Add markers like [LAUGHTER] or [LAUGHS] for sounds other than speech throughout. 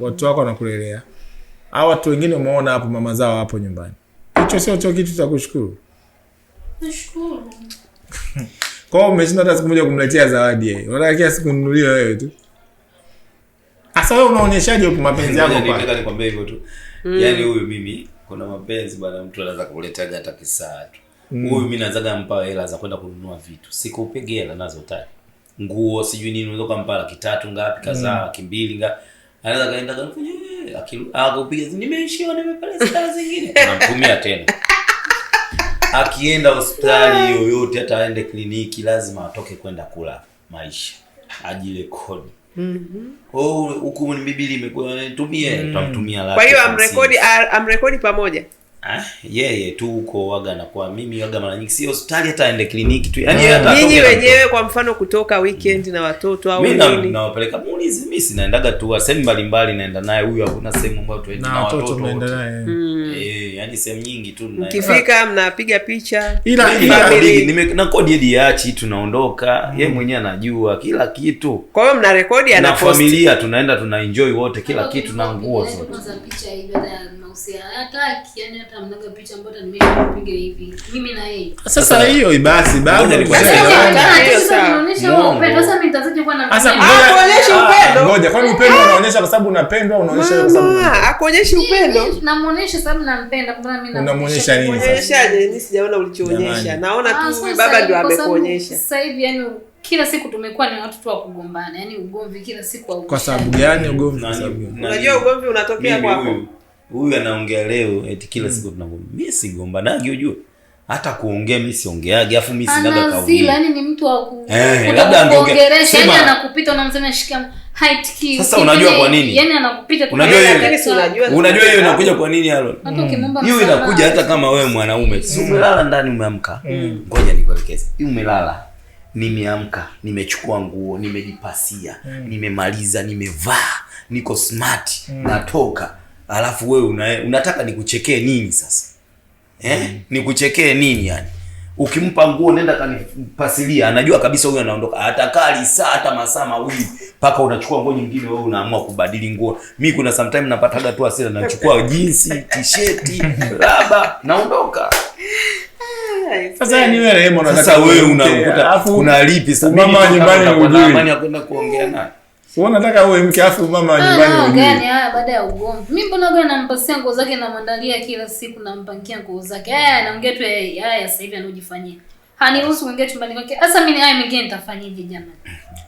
watu wako wanakulelea, au watu wengine umeona hapo, mama zao hapo nyumbani. Hicho sio cho kitu cha kushukuru. Nashukuru [LAUGHS] kwa hiyo umeshinda hata siku moja kumletea zawadi yeye, unataka kila siku nunulie wewe tu. hasa wewe unaonyeshaje upo mapenzi yako yaani kwa? Nataka nikwambie hivyo tu. Mm. yani huyu mimi kuna mapenzi bwana, mtu anaweza kuleta hata kisaa tu. Mm. Huyu mimi naanza kumpa hela za kwenda kununua vitu. sikupigia hela nazo tani. Nguo sijui nini unaweza kumpa laki ngapi kazaa, mm. laki ngapi anaweza kaenda kafanya ah, nimeishiwa, nimepeleka zingine, anamtumia [LAUGHS] tena. Akienda hospitali yoyote, hata aende kliniki, lazima atoke kwenda kula maisha, ajirekodi. Mhm. Oh, huku ni bibili imekuwa nitumie, tutamtumia. Mm. Kwa hiyo amrekodi, amrekodi pamoja Eh? yeye tu huko waga na kwa mimi waga mara nyingi si hospitali hata aende kliniki tu. yani ah, hata ninyi wenyewe kwa mfano kutoka weekend na watoto au nini? Mimi nawapeleka muulize, mimi sinaendaga tu sehemu mbalimbali naenda naye huyu hakuna sehemu ambayo tuende na Na watoto naenda naye. Mm. Eh, yani sehemu nyingi tu mkifika mnapiga picha, ila na kodi hadi tunaondoka mm. yeye mwenyewe anajua kila kitu. Kwa hiyo mna rekodi ana na familia, tunaenda tuna enjoy wote kila kwa kitu na nguo zote sasa hiyo basi ngoja, kwani upendo ah! unaonyesha kwa sababu unapendwa? Unaonyesha akuonyeshi upendo? nampenda unamwonyesha nini? sijaona ulichoonyesha, naona tu ah, baba ndio amekuonyesha. Sasa hivi yani kila siku tumekuwa ni watu tu wa kugombana, yani ugomvi kila siku. Kwa sababu gani ugomvi? Unajua ugomvi unatokea kwako. Huyu anaongea leo eti kila siku tunagombana. Mimi sigombanagi ujue hata kuongea mimi siongeage, afu mimi sina dada kauli. Yaani ni mtu wa eh, labda angeongeresha, yani anakupita unamsema shikamoo, haitiki. Sasa unajua kwa nini? Yaani anakupita, unajua hiyo, unajua hiyo inakuja kwa nini halo? Hmm. Hiyo inakuja hata kama wewe mwanaume si umelala ndani umeamka, mm. ngoja nikuelekeze. Hiyo umelala nimeamka, nimechukua nguo, nimejipasia, mm. nimemaliza, nimevaa, niko smart, mm. natoka. Alafu wewe unataka nikuchekee nini sasa? Eh? Nikuchekee nini yani? Ukimpa nguo nenda kanipasilia, anajua kabisa huyu anaondoka. Atakali saa hata masaa mawili mpaka unachukua nguo nyingine, wewe unaamua kubadili nguo. Mimi kuna sometime napataga tu asira nachukua jinsi, tisheti, raba, naondoka. Sasa ni wewe, sasa wewe unakuta lipi sasa mama nyumbani, unajui kuongea naye. Unataka uwe mke afu mama wa ah, nyumbani mwenyewe. Gani haya baada ya ugomvi. Mimi mbona gani nampasia nguo zake na mwandalia kila siku na nampangia nguo zake. Haya eh, anaongea tu eh, haya sasa hivi anojifanyia. Haniruhusu kuingia chumbani kwake. Sasa mimi haya mingine nitafanyaje jamani?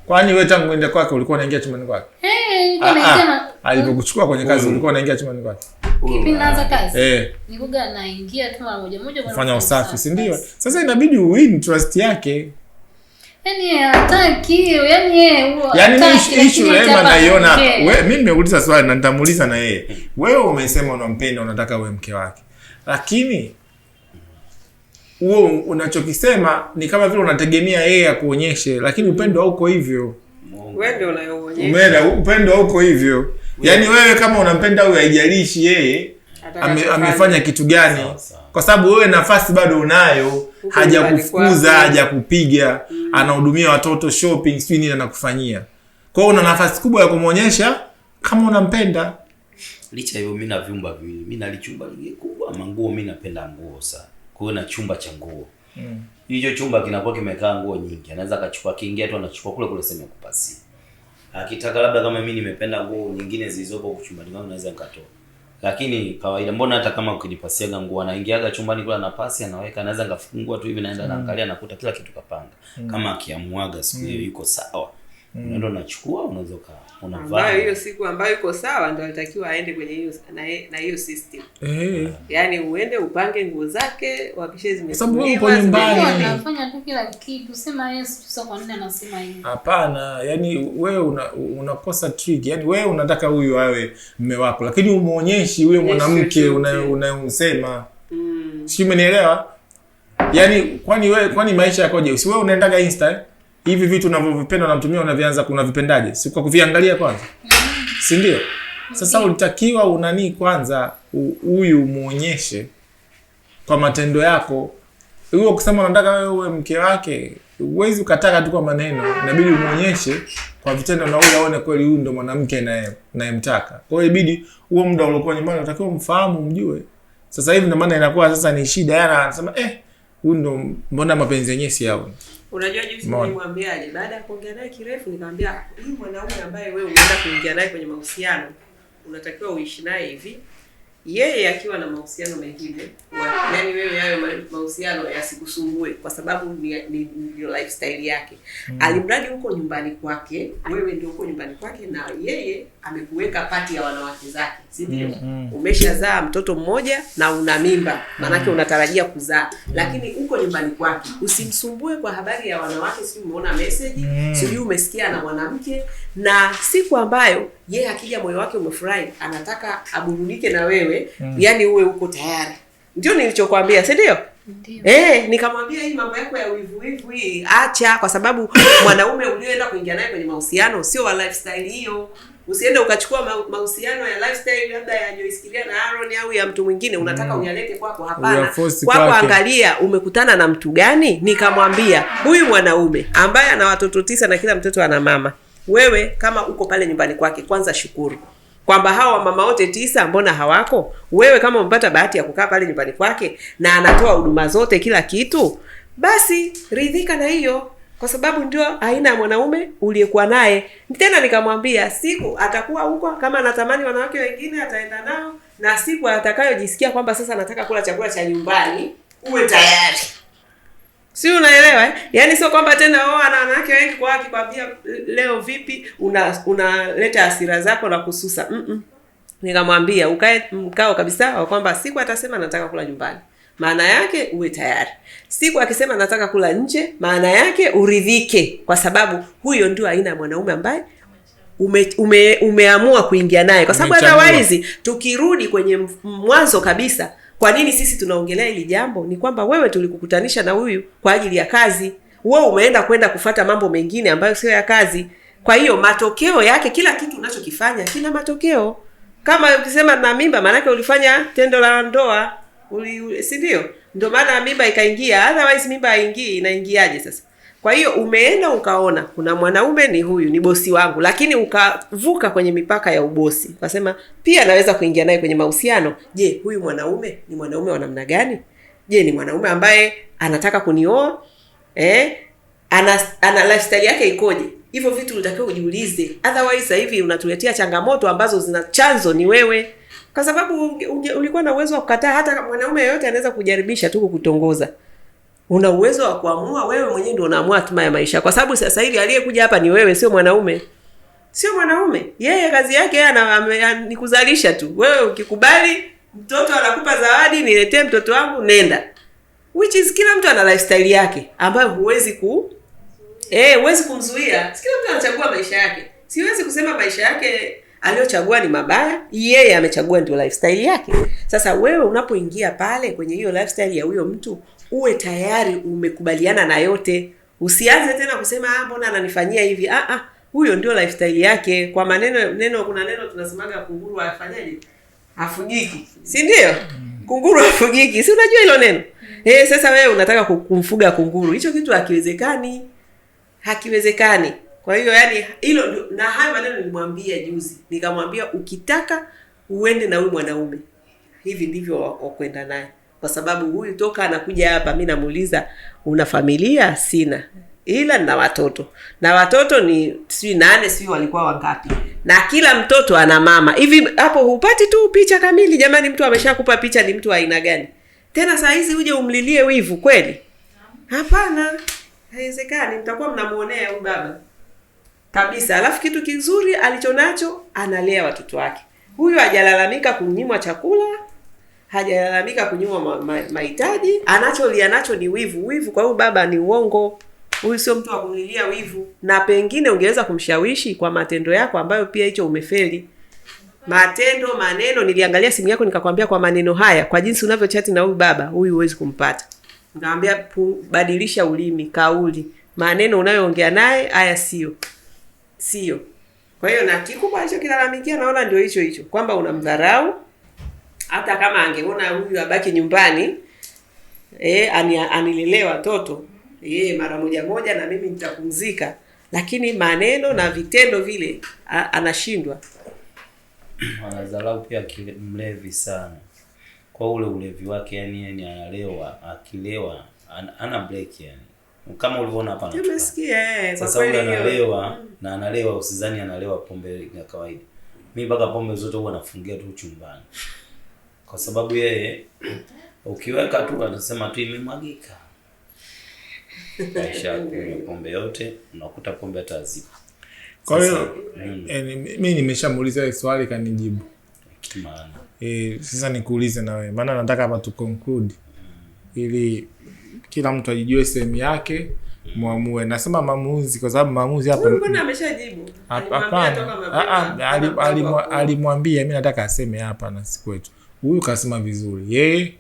Kwani wewe tangu uende kwake ulikuwa unaingia chumbani kwake? Eh, hey, ah, ah, naingia. Ah, Alipokuchukua kwenye kazi uh, ulikuwa unaingia chumbani kwake. Kipi naanza ah. kazi? Eh. Ni kuga naingia tu mara moja moja kwa kufanya usafi, si ndio? Sasa inabidi uwin trust yake. Yani yaani yaani naiona. Wewe mimi swali na nitamuuliza na yeye. Wewe umesema unampenda unataka uwe mke wake. Lakini huo unachokisema ni kama vile unategemea yeye akuonyeshe, lakini upendo hauko hivyo. Umeenda upendo hauko hivyo. Yaani wewe kama unampenda huyo haijalishi yeye amefanya kitu gani. Sao, sao kwa sababu wewe nafasi bado unayo, hajakufukuza hajakupiga, mm. anahudumia watoto shopping, sijui nini anakufanyia. Kwa hiyo una nafasi kubwa ya kumwonyesha kama unampenda. Licha hiyo, mimi na vyumba viwili, mimi nalichumba kubwa manguo, mimi napenda nguo sana, kwa hiyo na chumba cha nguo mm. hicho, mm. chumba kinakuwa kimekaa nguo nyingi, anaweza akachukua, akiingia tu anachukua kule kule sehemu ya kupasia, akitaka labda kama mimi nimependa nguo nyingine zilizopo chumbani kwangu, naweza nikatoa lakini kawaida, mbona hata kama ukijipasiaga nguo, anaingiaga chumbani kula na pasi anaweka, anaweza ngafungua tu hivi naenda mm. naangalia nakuta kila kitu kapanga mm. kama akiamuaga siku hiyo mm. yuko sawa mm. unaenda nachukua unaweza ka unavaa hiyo siku ambayo iko sawa, ndio alitakiwa aende kwenye hiyo na hiyo system eh, yaani uende upange nguo zake, uhakikishe zimesababu kwa nyumbani anafanya tu kila kitu. Sema Yesu kwa nini anasema hivi? Hapana, yani wewe unakosa una, trick. Yani wewe unataka huyu awe mme wako, lakini umuonyeshi huyo mwanamke unayosema una mm, sijui umenielewa. Yani kwani wewe kwani maisha yakoje? Si wewe unaendaga insta eh? hivi vitu unavyovipenda unatumia unavianza vipendaje Si kwa kuviangalia kwanza, si ndio? Sasa ulitakiwa unani kwanza huyu muonyeshe kwa matendo yako. Huo kusema unataka wewe uwe mke wake, uwezi ukataka tu kwa maneno, inabidi umuonyeshe kwa vitendo na wewe aone kweli huyu ndo mwanamke naye nayemtaka. Kwa hiyo ibidi huo muda uliokuwa nyumbani unatakiwa mfahamu mjue. Sasa hivi ndio maana inakuwa sasa ni shida, yana anasema eh, huyu ndo mbona mapenzi yenyewe si yao Unajua juzi nilimwambiaje? Baada ya kuongea naye kirefu, nikamwambia huyu mwanaume ambaye wewe unaenda kuingia naye kwenye mahusiano, unatakiwa uishi naye hivi yeye akiwa na mahusiano mengine, yani wewe hayo mahusiano yasikusumbue, kwa sababu ni, ni, ni lifestyle yake mm. Alimradi huko nyumbani kwake, wewe ndio huko nyumbani kwake, na yeye amekuweka pati ya wanawake zake, si ndio? mm -hmm. Umeshazaa mtoto mmoja na una mimba, maanake hmm. unatarajia kuzaa, mm. lakini huko nyumbani kwake, usimsumbue kwa habari ya wanawake, sijui umeona message mm. sijui umesikia na mwanamke, na siku ambayo yeye akija moyo wake umefurahi, anataka aburudike na wewe mm. Yani uwe uko tayari, ndio nilichokwambia, si ndio? Eh, nikamwambia hii mambo yako ya wivu wivu hii acha, kwa sababu [COUGHS] mwanaume ulioenda kuingia naye kwenye mahusiano sio wa lifestyle hiyo. Usiende ukachukua mahusiano ya lifestyle labda ya Joyce na Aaron au ya mtu mwingine unataka mm. unyalete kwako. Hapana, kwako angalia umekutana na mtu gani. Nikamwambia huyu mwanaume ambaye ana watoto tisa na kila mtoto ana mama, wewe kama uko pale nyumbani kwake, kwanza shukuru kwamba hawa wamama wote tisa mbona hawako? Wewe kama umepata bahati ya kukaa pale nyumbani kwake na anatoa huduma zote, kila kitu, basi ridhika na hiyo, kwa sababu ndio aina ya mwanaume uliyekuwa naye. Tena nikamwambia siku atakuwa huko, kama anatamani wanawake wengine ataenda nao, na siku atakayojisikia kwamba sasa anataka kula chakula cha nyumbani, uwe tayari Si unaelewa eh? Yaani sio kwamba tena oh, ana wanawake wengi kwa akikwambia leo vipi una unaleta hasira zako na kususa. Mm, -mm. Nikamwambia ukae mkao kabisa kwamba siku atasema nataka kula nyumbani. Maana yake uwe tayari. Siku akisema nataka kula nje, maana yake uridhike kwa sababu huyo ndio aina ya mwanaume ambaye ume, ume, umeamua kuingia naye kwa sababu otherwise tukirudi kwenye mwanzo kabisa kwa nini sisi tunaongelea hili jambo? Ni kwamba wewe tulikukutanisha na huyu kwa ajili ya kazi, wewe umeenda kwenda kufata mambo mengine ambayo sio ya kazi. Kwa hiyo matokeo yake, kila kitu unachokifanya kina matokeo. Kama ukisema na mimba, maanake ulifanya tendo la ndoa, si ndio? Ndio maana mimba ikaingia, otherwise mimba haingii. Inaingiaje sasa? Kwa hiyo umeenda ukaona kuna mwanaume ni huyu ni bosi wangu, lakini ukavuka kwenye mipaka ya ubosi, ukasema pia naweza kuingia naye kwenye mahusiano. Je, huyu mwanaume ni mwanaume wa namna gani? Je, ni mwanaume ambaye anataka kunioa eh? ana, ana lifestyle yake ikoje? Hivyo vitu unatakiwa ujiulize, otherwise sasa hivi unatuletea changamoto ambazo zina chanzo ni wewe, kwa sababu ulikuwa na uwezo wa kukataa. Hata mwanaume yeyote anaweza kujaribisha tu kukutongoza una uwezo wa kuamua wewe mwenyewe, ndio unaamua hatima ya maisha, kwa sababu sasa hivi aliyekuja hapa ni wewe, sio mwanaume, sio mwanaume. Yeye kazi yake yeye ni kuzalisha tu. Wewe ukikubali, mtoto anakupa zawadi, niletee mtoto wangu, nenda. Which is kila mtu ana lifestyle yake ambayo huwezi ku eh, huwezi kumzuia. Kila mtu anachagua maisha yake, siwezi kusema maisha yake aliyochagua ni mabaya. Yeye amechagua ndio lifestyle yake. Sasa wewe unapoingia pale kwenye hiyo lifestyle ya huyo mtu uwe tayari umekubaliana na yote. Usianze tena kusema ah, mbona ananifanyia hivi? Ah, ah, huyo ndio lifestyle yake. Kwa maneno neno, kuna neno tunasemaga kunguru afanyaje? Afugiki, si ndio? Kunguru afugiki, si unajua hilo neno mm. eh? Sasa wewe unataka kumfuga kunguru, hicho kitu hakiwezekani, hakiwezekani. Kwa hiyo yani hilo na hayo maneno nilimwambia juzi, nikamwambia ukitaka uende na huyu mwanaume, hivi ndivyo wakwenda naye kwa sababu huyu toka anakuja hapa, mi namuuliza una familia? Sina, ila na watoto na watoto ni sijui nane, sijui walikuwa wangapi, na kila mtoto ana mama. Hivi hapo hupati tu picha kamili? Jamani, mtu ameshakupa picha, ni mtu aina gani tena? Saa hizi uje umlilie wivu kweli? Hapana, haiwezekani. Mtakuwa mnamuonea huyu baba kabisa. Alafu kitu kizuri alichonacho, analea watoto wake. Huyu hajalalamika kunyimwa chakula hajalalamika kunyimwa mahitaji, ma, anacholia nacho ni wivu. Wivu kwa hiyo baba ni uongo. Huyu sio mtu wa kulilia wivu, na pengine ungeweza kumshawishi kwa matendo yako ambayo pia hicho umefeli. Matendo, maneno. Niliangalia simu yako nikakwambia, kwa maneno haya, kwa jinsi unavyochati na huyu baba, huyu huwezi kumpata. Nikamwambia badilisha ulimi, kauli, maneno unayoongea naye, haya sio sio. Kwa hiyo na kikubwa alichokilalamikia naona ndio hicho hicho kwamba unamdharau hata kama angeona huyu abaki nyumbani eh, anilelee watoto yeye mara moja moja na mimi nitapumzika, lakini maneno na vitendo vile anashindwa. [CLEARS THROAT] Anadharau pia mlevi sana kwa ule ulevi wake, yani yani analewa, akilewa ana break yani kama ulivyoona hapa na eh, sasa, ule analewa mm. na analewa, usizani analewa pombe ya kawaida. Mimi mpaka pombe zote huwa nafungia tu chumbani kwa sababu yeye ukiweka tu anasema tu imemwagika. Aisha kunywa pombe yote, unakuta pombe atazipa. Kwa hiyo eh, mm. eh, mimi nimeshamuuliza ile swali kanijibu. Maana eh, sasa nikuulize na wewe, maana nataka hapa tu conclude ili kila mtu ajijue sehemu yake muamue. Nasema maamuzi kwa sababu maamuzi hapa mbona ameshajibu? Hapana, alimwambia mimi nataka aseme hapa na siku kwetu huyu kasema vizuri yeye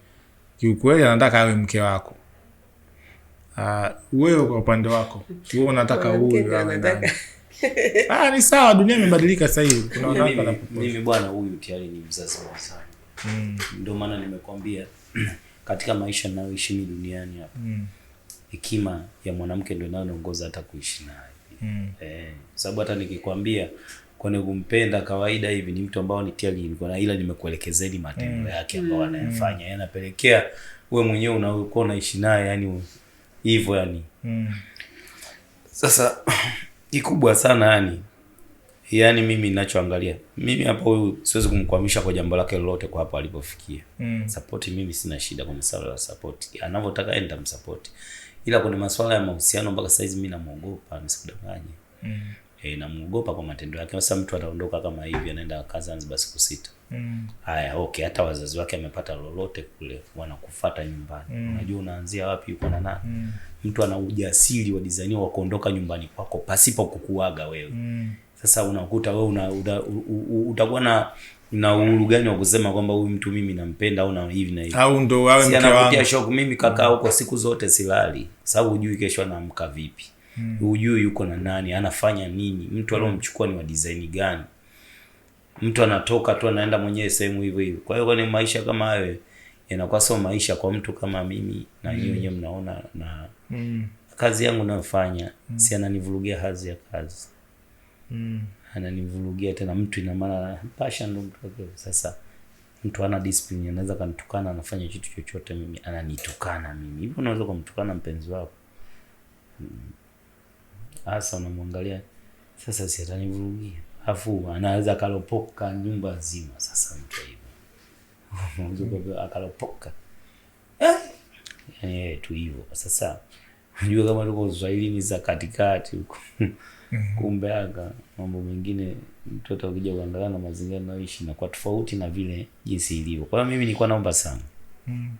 kiukweli anataka awe mke wako. Uh, wewe kwa upande wako we unataka huyu awe nani? Ah, ni sawa, dunia imebadilika sahivi hivi. mimi bwana, huyu tayari ni mzazi wa sana. Mm. Ndio maana nimekwambia [CLEARS THROAT] katika maisha ninayoishi mimi duniani hapa. Mm. Hekima ya mwanamke ndo inayonaongoza hata kuishi naye. Mm. Eh, sababu hata nikikwambia kwani kumpenda kawaida hivi ni mtu ambao ni tayari nilikuwa na ila nimekuelekezeni matendo mm. yake ambayo mm. anayafanya mm. Yaani yanapelekea wewe mwenyewe unakuwa unaishi naye yani hivyo yani mm. Sasa kikubwa sana yani yani mimi ninachoangalia mimi hapa huyu siwezi kumkwamisha kwa jambo lake lolote kwa hapo alipofikia. Mm. Support mimi sina shida kwa masuala ya support. Anavyotaka yeye nitamsupport. Ila kuna masuala ya mahusiano mpaka saizi mimi namuogopa nisikudanganye. Mm. E, namuogopa kwa matendo yake. Sasa mtu ataondoka kama hivi anaenda Zanzibar siku sita. Mm. Haya, okay, hata wazazi wake amepata lolote kule wanakufuata nyumbani. Mm. Unajua unaanzia wapi uko na nani? Mm. Mtu ana ujasiri wa design wa kuondoka nyumbani kwako pasipo kukuaga wewe. Mm. Sasa unakuta wewe una, una, utakuwa na na uhuru gani wa kusema kwamba huyu mtu mimi nampenda au na hivi na hivi, au ndo wawe mke wangu? Shock mimi kakaa huko siku zote silali, sababu hujui kesho anaamka vipi mm. Hujui yuko na nani, anafanya nini, mtu aliomchukua ni wa design gani. Mtu anatoka tu anaenda mwenyewe sehemu hivyo hivyo. Kwa hiyo kwenye maisha kama hayo yanakuwa sio maisha kwa mtu kama mimi na mm. wenyewe mnaona na mm. kazi yangu nayofanya mm. si ananivurugia hazi ya kazi mm. ananivurugia tena mtu, ina maana pasha ndo mtu wake sasa mtu ana discipline anaweza kanitukana, anafanya kitu chochote, mimi ananitukana mimi hivyo. Unaweza kumtukana mpenzi wako hmm. Sasa unamwangalia sasa, si atanivurugia, afu anaweza akalopoka nyumba nzima. Sasa mtu hivyo [LAUGHS] mm. akalopoka eh, eh, tu hivyo sasa. Unajua kama tuko Uswahilini za katikati huko mm-hmm. kumbe aka mambo mengine mtoto akija kuangalia na mazingira naishi na kwa tofauti na vile jinsi ilivyo. Kwa hiyo mimi nilikuwa naomba sana mm.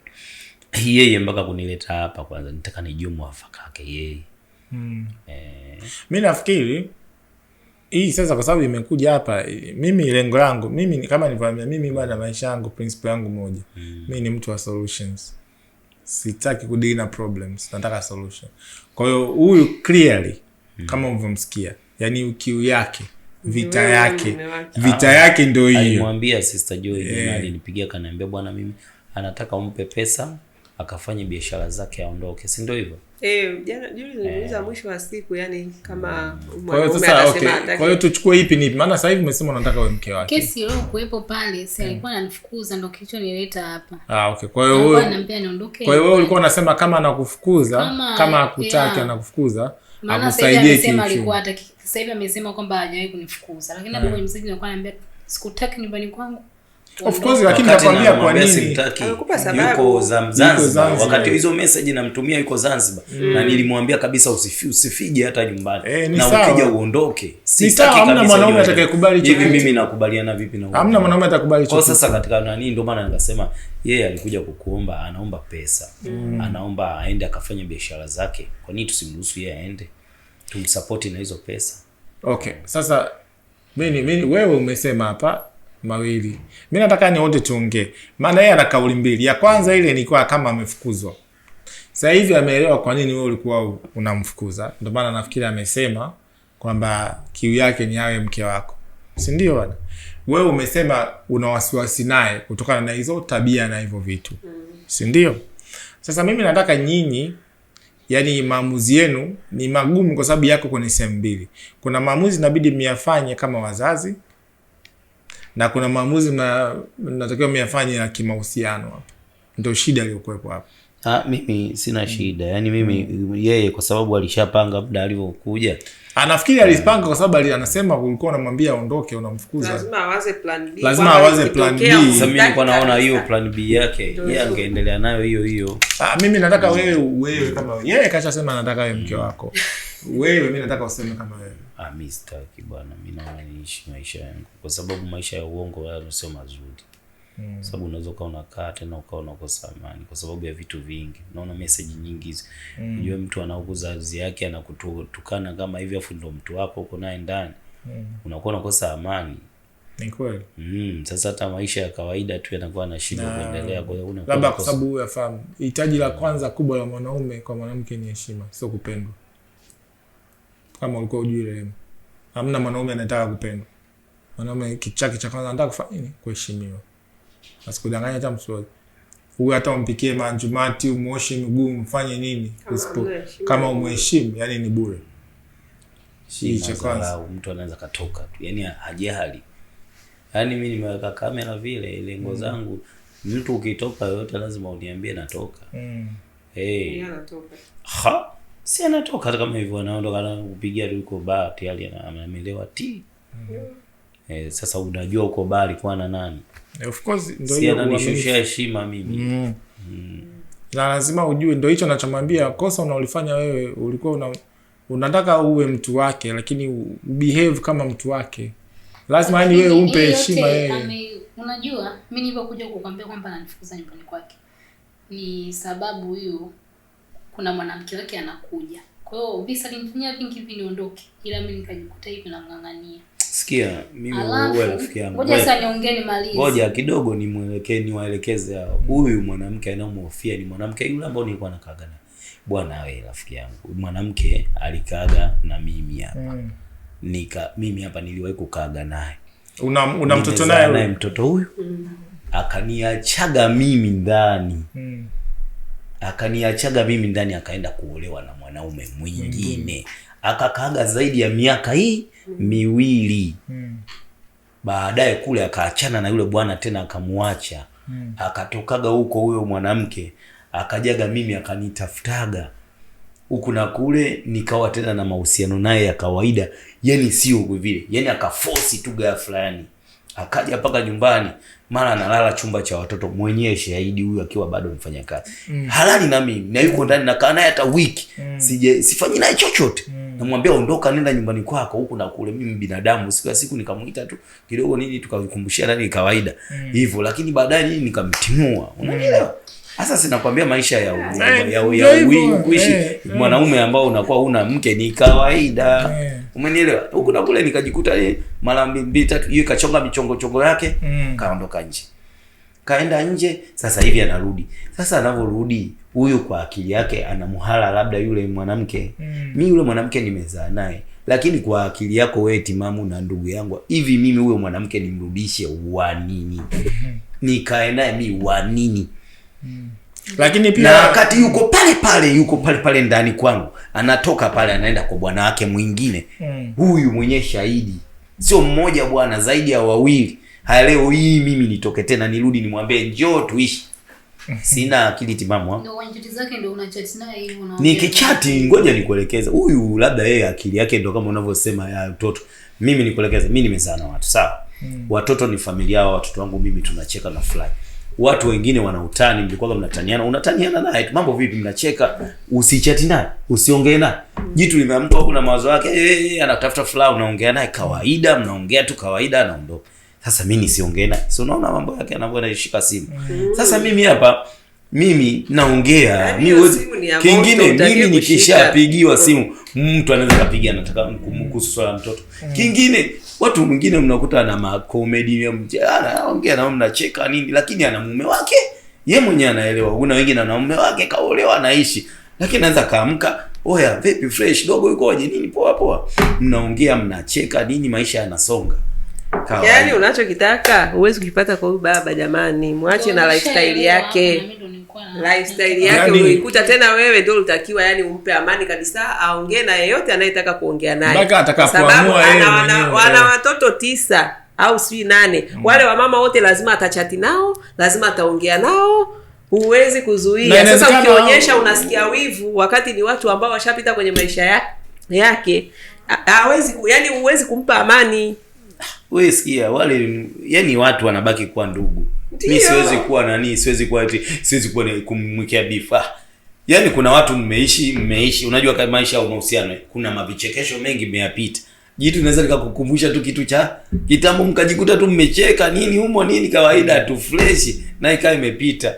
yeye mpaka kunileta hapa kwanza, nitaka nijue mwafaka yake yeye mm. Eh, mi nafikiri hii sasa, kwa sababu imekuja hapa, mimi lengo langu mimi kama nilivyoambia, mimi bwana, maisha yangu principle yangu moja mm. mi ni mtu wa solutions, sitaki kudili na problems, nataka solution. Kwa hiyo huyu clearly mm. kama ulivyomsikia, yani ukiu yake vita yake vita yake ndo hiyo. Sister Joy, yeah. bwana mimi anataka umpe pesa akafanya biashara zake aondoke, si ndio hivyo? Eh, jana juzi niliuliza eh. mwisho wa siku yani kama mm. kwa hiyo sasa, okay. Kwa hiyo tuchukue ipi ni ipi? Maana sasa hivi umesema unataka wewe mke wake. Kesi ile kuwepo pale, si mm. alikuwa ananifukuza ndio kilicho nileta hapa. Ah, okay. Kwa hiyo wewe ananiambia niondoke. Kwa hiyo wewe ulikuwa unasema kama anakufukuza, kama, kama akutaki anakufukuza, akusaidie kitu. Maana sasa alikuwa hata sasa hivi amesema kwamba hajawahi kunifukuza. Lakini hapo eh. kwenye msajili alikuwa ananiambia sikutaki nyumbani kwangu. Of course lakini nakwambia kwa nini? Simtaki. Yuko Zanzibar. Wakati hizo message namtumia yuko Zanzibar mm. na nilimwambia kabisa usifi, usifije hata nyumbani. E, na ukija uondoke. Sitaki kabisa. Hamna mwanaume atakayekubali Hivi mimi nakubaliana vipi na Hamna mwanaume atakubali hicho. sasa katika nani ndio maana nikasema yeye yeah, alikuja kukuomba anaomba pesa. Mm. Anaomba aende akafanya biashara zake. Kwa nini tusimruhusu yeye aende? Tumsupport na hizo pesa. Okay. Sasa mimi mimi wewe umesema hapa mawili. Mimi nataka ni wote tuongee, maana yeye ana kauli mbili. Ya kwanza ile ni kwa kama amefukuzwa, sasa hivi ameelewa kwa nini wewe ulikuwa unamfukuza. Ndio maana nafikiri amesema kwamba kiu yake ni awe mke wako, si ndio bwana? Wewe umesema una wasiwasi naye kutokana na hizo tabia na hivyo vitu, mm. si ndio? Sasa mimi nataka nyinyi yaani maamuzi yenu ni magumu kwa sababu yako kwenye sehemu mbili. Kuna maamuzi inabidi myafanye kama wazazi na kuna maamuzi mnatakiwa myafanye ya kimahusiano. Hapo ndo shida iliyokuwepo hapo. Ha, mimi sina shida yani mimi mm. Yeye kwa sababu alishapanga muda alivyokuja, anafikiri alipanga kwa sababu ali, anasema ulikuwa unamwambia aondoke, unamfukuza, lazima awaze plan B. Lazima awaze plan B. Sasa mimi nilikuwa naona hiyo plan B yake yeye yeah, angeendelea nayo hiyo hiyo. Ah, mimi nataka wewe wewe, kama yeye kashasema anataka wewe mke wako [LAUGHS] Wewe mi nataka useme kama wewe. Ah, mimi sitaki bwana. Mimi naona niishi maisha yangu kwa sababu maisha ya uongo wala sio mazuri. Mm. Sababu unaweza ukawa unakaa tena ukawa unakosa amani kwa sababu ya vitu vingi. Unaona message nyingi hizo. Mm. Unajua mtu anauguza azi yake anakutukana kama hivi, afu ndo mtu wako uko naye ndani. Mm. Unakuwa unakosa amani. Ni kweli. Mm, sasa hata maisha ya kawaida tu yanakuwa na shida kuendelea kwa hiyo unakuwa labda kwa sababu ya fahamu, Hitaji la kwanza kubwa la mwanaume kwa mwanamke ni heshima, sio kupendwa kama ulikuwa ujui ile amna mwanaume anataka kupendwa. Mwanaume cha kwanza anataka kufanya nini? Kuheshimiwa. Asikudanganya hata Huyu hata umpikie manjumati, umwoshe miguu, mfanye nini? kama yani ni bure. mtu anaweza katoka tu. hajali. Yaani nimeweka kamera vile lengo mm. zangu mtu ukitoka yoyote lazima uniambie natoka. Mm. Eh. Natoka. Ha si anatoka hata kama hivyo anaondoka na kupigia tu uko ba tayari amelewa ti. Mm. Mm-hmm. Eh, sasa unajua uko ba alikuwa na nani? Eh, of course ndio si ananishushia heshima mimi. Mm. Mm. Na lazima ujue, ndio hicho nachomwambia, kosa unaolifanya wewe ulikuwa una unataka uwe mtu wake, lakini behave kama mtu wake. Lazima yani wewe umpe heshima yeye. Unajua mimi nilipokuja kukwambia kwamba ananifukuza nyumbani kwake ni sababu hiyo kuna mwanamke wake anakuja. Kwa hiyo Visa alimfanyia vingi hivi niondoke, ila mimi nikajikuta hivi namng'ang'ania. Sikia, mimi wewe rafiki yangu. Ngoja sasa niongee nimalize. Ngoja kidogo nimuelekee niwaelekeze hao. Huyu mwanamke anaomhofia ni mwanamke yule ambaye nilikuwa nakaga na Bwana wewe rafiki yangu. Mwanamke alikaga na mimi hapa. Mm. Nika mimi hapa niliwahi kukaga naye. Una, una mtoto Naye mtoto huyu. Mm. Akaniachaga mimi ndani. Mm akaniachaga mimi ndani, akaenda kuolewa na mwanaume mwingine, akakaaga zaidi ya miaka hii miwili. Hmm. Baadaye kule akaachana na yule bwana tena, akamuacha hmm. akatokaga huko. Huyo mwanamke akajaga mimi akanitafutaga huku na kule, nikawa tena na mahusiano naye ya kawaida, yani sio vile, yani akafosi tu ghafla, yani akaja mpaka nyumbani mara analala chumba cha watoto mwenyewe shahidi huyu akiwa bado kazi mm. halali na mimi na yuko ndani nakaa naye hata wiki mm. sije sifanyi naye chochote mm. namwambia ondoka, nenda nyumbani kwako huku na kule. Mimi binadamu, siku ya siku nikamuita tu kidogo nini, tukakumbushia nani kawaida mm. hivyo mm. lakini baadaye nini nikamtimua, unanielewa mm. sasa. Sinakwambia maisha ya u, eh, ya, ya, ya, ya, ya, ya, ya, ya, Umenielewa? huku na kule nikajikuta yeye eh, mara mbili tatu yeye kachonga michongo chongo yake mm. kaondoka nje. Kaenda nje, sasa hivi anarudi. Sasa anavyorudi huyu kwa akili yake anamhala labda yule mwanamke. Mm. yule mwanamke nimezaa naye. Lakini kwa akili yako wewe timamu na ndugu yangu, hivi mimi huyo mwanamke nimrudishe wa nini? Mm-hmm. Nikae naye mimi wa nini? Mm. Lakini pia na wakati yuko pale pale, yuko pale pale ndani kwangu, anatoka pale anaenda kwa bwana wake mwingine mm. Huyu mwenye shahidi sio mmoja bwana, zaidi ya wawili. Haya, leo hii mimi nitoke tena nirudi nimwambie njoo tuishi, hmm. sina akili timamu. Nikichati ngoja nikuelekeze, huyu labda yeye akili yake ndo kama unavyosema ya mtoto. Mimi nikuelekeze, mimi nimezaa na watu sawa mm. Watoto ni familia, watoto wangu mimi tunacheka na furahi watu wengine wanautani utani, mlikuwa mnataniana, unataniana naye mambo vipi, mnacheka, usichati naye, usiongee naye. Jitu limeamka huko na mawazo yake, hey, anatafuta furaha, unaongea naye kawaida, mnaongea tu kawaida, anaondoka. Sasa mimi nisiongee naye, so unaona mambo yake anavyoishika simu. Mm. Sasa mimi hapa mimi naongea yaani kingine, mimi nikishapigiwa simu mtu anaweza kapiga nataka kuhusu swala mtoto mm. Kingine watu mwingine mnakuta na makomedi ah, anaongea na mnacheka nini, lakini ana mume wake ye mwenye anaelewa. Kuna wengine ana mume wake kaolewa, anaishi, lakini anaweza kaamka, oya, vipi fresh dogo, yuko nini, poa poa, mnaongea mnacheka nini, maisha yanasonga yaani unachokitaka huwezi kukipata kwa huyu baba jamani, mwache na lifestyle yake lifestyle yake yaani- uikuta tena wewe ndio utakiwa, yani umpe amani kabisa, aongee na yeyote anayetaka kuongea naye, sababu ana wana watoto tisa au sijui nane. Mm. Wale wamama wote lazima atachati nao, lazima ataongea nao, huwezi kuzuia. Sasa ukionyesha unasikia wivu, wakati ni watu ambao washapita kwenye maisha yake, hawezi yani, huwezi kumpa amani wewe sikia, wale yani watu wanabaki kuwa ndugu. mi siwezi kuwa nani, siwezi kuwa eti siwezi kuwa kumwekea bifa yani kuna watu mmeishi, mmeishi. Unajua kama maisha au mahusiano, kuna mavichekesho mengi meyapita Jitu naweza nikakukumbusha tu kitu cha kitambo mkajikuta tu mmecheka nini humo nini kawaida tu fresh na ikawa imepita.